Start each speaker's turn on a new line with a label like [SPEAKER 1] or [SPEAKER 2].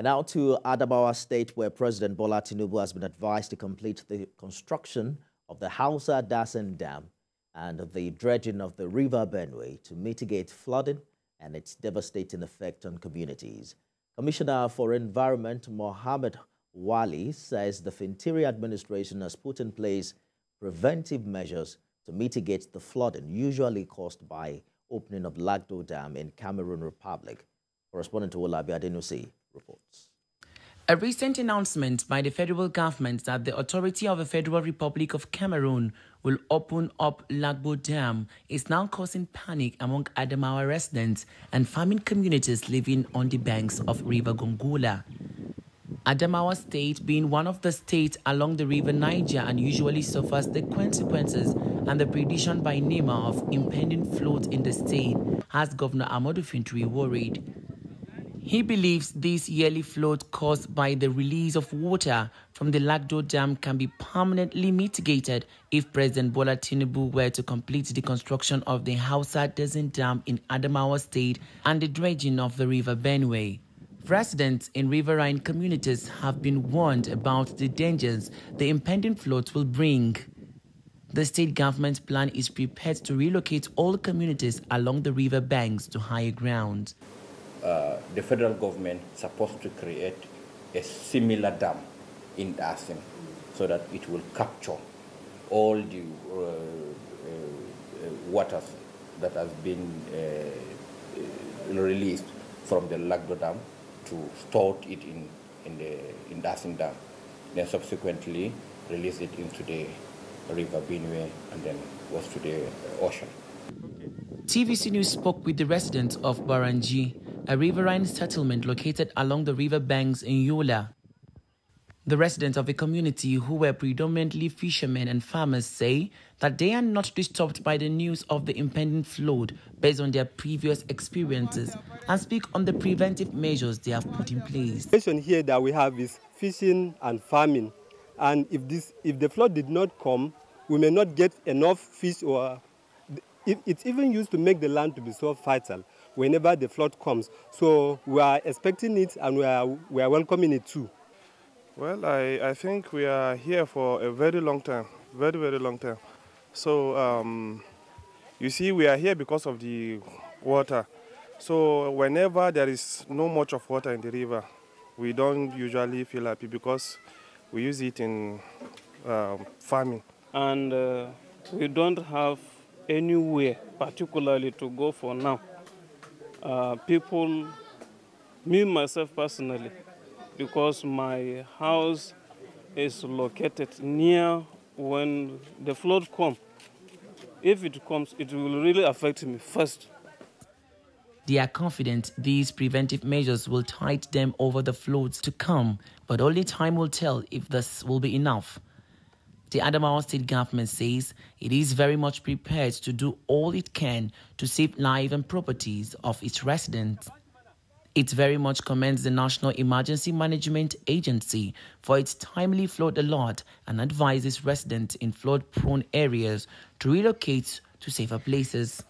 [SPEAKER 1] And now to Adabawa State, where President Bola Tinubu has been advised to complete the construction of the Hausa Dasen Dam and the dredging of the River Benue to mitigate flooding and its devastating effect on communities. Commissioner for Environment Mohammed Wali says the Fintiri administration has put in place preventive measures to mitigate the flooding usually caused by opening of Lagdo Dam in Cameroon Republic. Correspondent to Olabi Adenusi reports.
[SPEAKER 2] A recent announcement by the federal government that the Authority of the Federal Republic of Cameroon will open up Lagbo Dam is now causing panic among Adamawa residents and farming communities living on the banks of River Gongola. Adamawa State, being one of the states along the River Niger, unusually suffers the consequences and the prediction by NEMA of impending floods in the state, has Governor Amadou Fintri worried. He believes this yearly flood caused by the release of water from the Lagdo Dam can be permanently mitigated if President Bola Tinubu were to complete the construction of the Hausa Desert Dam in Adamawa State and the dredging of the River Benue. Residents in riverine communities have been warned about the dangers the impending floods will bring. The state government's plan is prepared to relocate all communities along the river banks to higher ground.
[SPEAKER 3] Uh, the federal government supposed to create a similar dam in Asim so that it will capture all the uh, uh, uh waters that has been released from the Lagdo Dam to store it in, in the in Dasim Dam, then subsequently release it into the River Benue and then was to the ocean.
[SPEAKER 2] TVC News spoke with the residents of Barangi a riverine settlement located along the river banks in Yola. The residents of the community, who were predominantly fishermen and farmers, say that they are not disturbed by the news of the impending flood based on their previous experiences and speak on the preventive measures they have put in place.
[SPEAKER 4] The situation here that we have is fishing and farming. And if, this, if the flood did not come, we may not get enough fish or it's even used to make the land to be so fertile whenever the flood comes. So we are expecting it and we are, we are welcoming it too. Well, I, I think we are here for a very long time, very, very long time. So um, you see, we are here because of the water. So whenever there is no much of water in the river, we don't usually feel happy because we use it in uh, farming. And uh, we don't have anywhere particularly to go for now uh, people, me myself personally, because my house is located near when the flood comes. If it comes, it will really affect me first.
[SPEAKER 2] They are confident these preventive measures will tide them over the floods to come, but only time will tell if this will be enough. The Adamawa State government says it is very much prepared to do all it can to save lives and properties of its residents. It very much commends the National Emergency Management Agency for its timely flood alert and advises residents in flood prone areas to relocate to safer places.